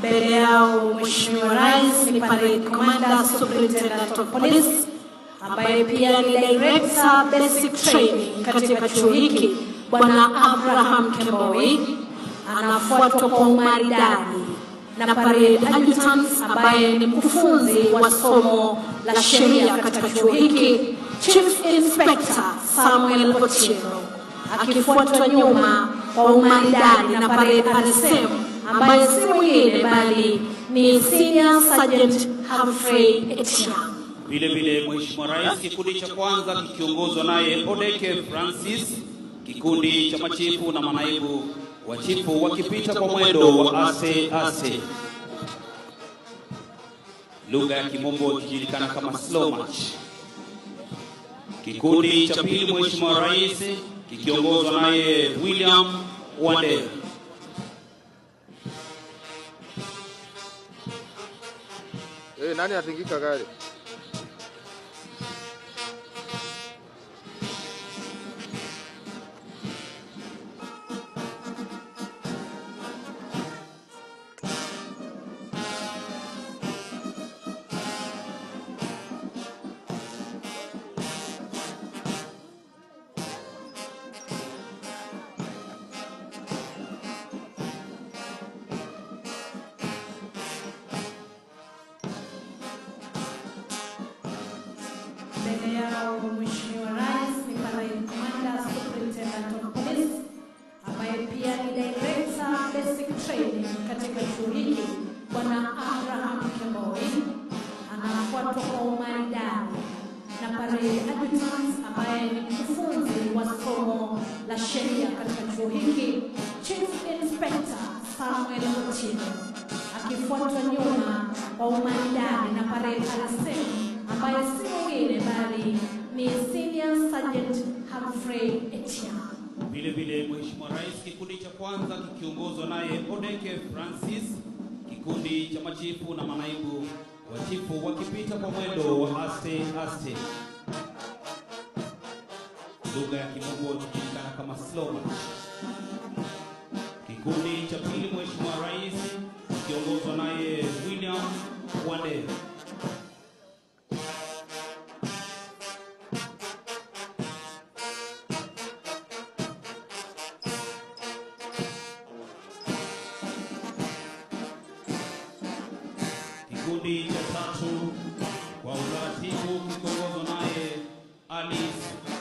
Mbele yao Mheshimiwa Rais ni pale Commander Superintendent of Police ambaye pia ni Director Basic Training katika chuo hiki Bwana Abraham Kemboi, anafuatwa kwa umaridadi na Parade Adjutant ambaye ni mkufunzi wa somo la sheria katika chuo hiki Chief Inspector Samuel Potiero, akifuatwa nyuma kwa umaridadi na Parade Anisemu ambaye si mwingine bali ni Senior Sergeant Humphrey Etiang. Vile vile Mheshimiwa Rais, kikundi cha kwanza kikiongozwa naye Odeke Francis, kikundi cha machifu na manaibu wa chifu wakipita kwa mwendo wa ase ase, lugha ya kimombo ikijulikana kama slow march. Kikundi cha pili Mheshimiwa Rais kikiongozwa naye William Wandera. nani atingika gari mbele yao Mheshimiwa Rais ni Parade Commander Superintendent of Police ambaye pia ni Director Basic Training katika chuo hiki, Bwana Abraham Kemboi anafuatwa kwa umaridadi na Parade Adjutant ambaye ni mkufunzi wa somo la sheria katika chuo hiki, Chief Inspector Samuel Otino akifuatwa nyuma kwa umaridadi na pare Alasemi by a singing bali ni Senior Sergeant Humphrey Etienne. Vile vile Mheshimiwa Rais, kikundi cha kwanza kikiongozwa naye Odeke Francis, kikundi cha machifu na manaibu wachifu wakipita kwa mwendo wa aste aste, lugha ya Kimungu wakijulikana kama slow march. Kikundi cha pili Mheshimiwa Rais kikiongozwa naye William Wandera. kikundi cha tatu kwa uratibu kikiongozwa naye Alice